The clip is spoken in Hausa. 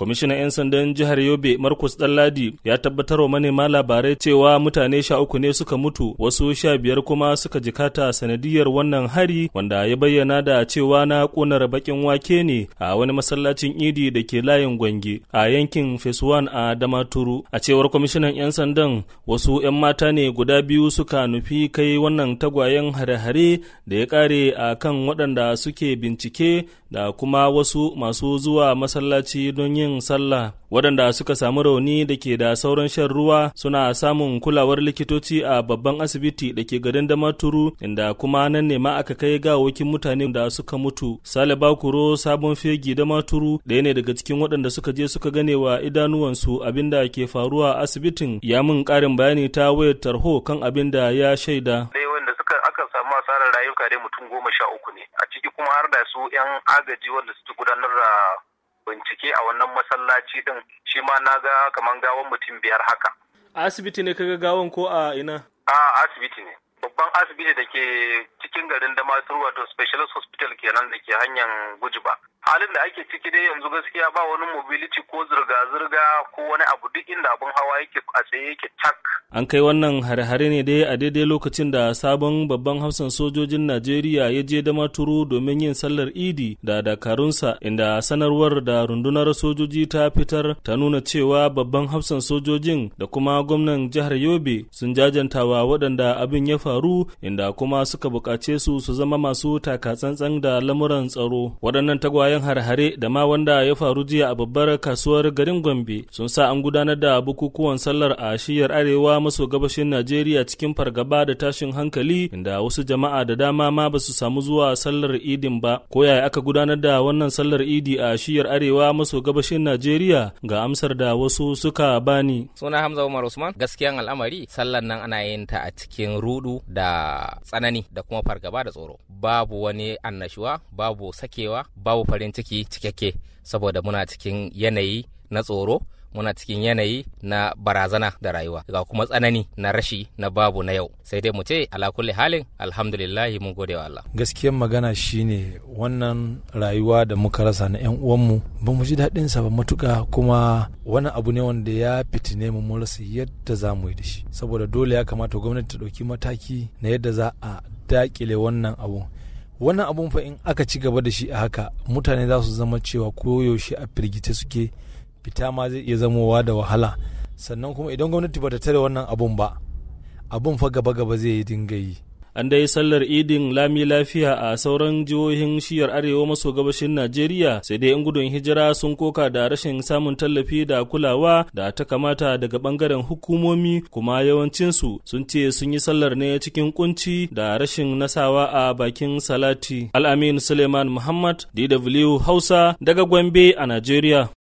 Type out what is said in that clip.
kwamishinan 'yan sandan jihar yobe markus ɗanladi ya tabbatar wa manema labarai cewa mutane sha uku ne suka mutu wasu sha biyar kuma suka jikata sanadiyar wannan hari wanda ya bayyana da cewa na ƙonar bakin wake ne a wani masallacin idi da ke layin gwangi a yankin fesuwan a damaturu a cewar kwamishinan 'yan sandan wasu 'yan mata ne guda biyu suka nufi kai wannan tagwayen hare-hare da ya kare a kan waɗanda suke bincike da kuma wasu masu zuwa masallaci don yin sallah waɗanda suka samu rauni da ke da sauran shan ruwa suna samun kulawar likitoci a babban asibiti da ke garin damaturu inda kuma nan ne ma aka kai gawakin mutane da suka mutu sale bakuro sabon fegi damaturu ɗaya ne daga cikin waɗanda suka je suka gane wa idanuwansu abin da ke faruwa asibitin ya mun ƙarin bayani ta wayar tarho kan abin da ya shaida asarar rayuka dai mutum goma sha uku ne a ciki kuma har da su 'yan agaji wanda suke gudanar da bincike a wannan masallaci din shi ma na ga kamar gawan mutum biyar haka a asibiti ne kaga gawan ko a ina a asibiti ne babban asibiti da ke cikin garin Damaturu wato specialist hospital kenan da ke hanyar gujiba halin da ake ciki dai yanzu gaskiya ba wani mobility ko zirga-zirga ko wani abu duk inda abin hawa yake a tsaye yake cak. An kai wannan hare-hare ne dai a daidai lokacin da sabon babban hafsan sojojin Najeriya ya je da turo domin yin sallar Idi da dakarunsa inda sanarwar da rundunar sojoji ta fitar ta nuna cewa babban hafsan sojojin da kuma gwamnan jihar Yobe sun jajantawa waɗanda abin ya faru inda kuma suka buƙace su su zama masu taka tsantsan da lamuran tsaro. Waɗannan tagwayen an harhare da ma wanda ya faru jiya a babbar kasuwar garin Gombe sun sa an gudanar da bukukuwan sallar a shiyar arewa maso gabashin Najeriya cikin fargaba da tashin hankali inda wasu jama'a da dama ma ba su samu zuwa sallar idin ba. Ko yaya aka gudanar da wannan sallar idi a shiyar arewa maso gabashin Najeriya ga amsar da wasu suka bani. Suna Hamza Umar Usman gaskiyan al'amari sallar nan ana yin ta a cikin rudu da tsanani da kuma fargaba da tsoro. Babu wani annashuwa, babu sakewa, babu farin farin ciki cikakke saboda muna cikin yanayi na tsoro muna cikin yanayi na barazana da rayuwa ga kuma tsanani na rashi na babu na yau sai dai mu ce ala kulle halin alhamdulillahi mun gode wa Allah gaskiyar magana shine wannan rayuwa da muka rasa na yan uwan mu ba mu ji daɗin sa ba matuka kuma wani abu ne wanda ya fitine mu mu rasa yadda za mu yi da shi saboda dole ya kamata gwamnati ta ɗauki mataki na yadda za a dakile wannan abu wannan abun fa in aka ci gaba da shi a haka mutane za su zama cewa koyaushe a firgice suke fita ma zai iya zamowa da wahala sannan kuma idan gwamnati bata tare wannan abun ba abun fa gaba gaba zai yi dinga yi an dai sallar idin lami lafiya a sauran jihohin shiyar arewa maso gabashin najeriya sai dai yan gudun hijira sun koka da rashin samun tallafi da kulawa da ta kamata daga bangaren hukumomi kuma yawancinsu sun ce sun yi sallar ne cikin kunci da rashin nasawa a bakin salati al'amin suleiman muhammad dw hausa daga gombe a najeriya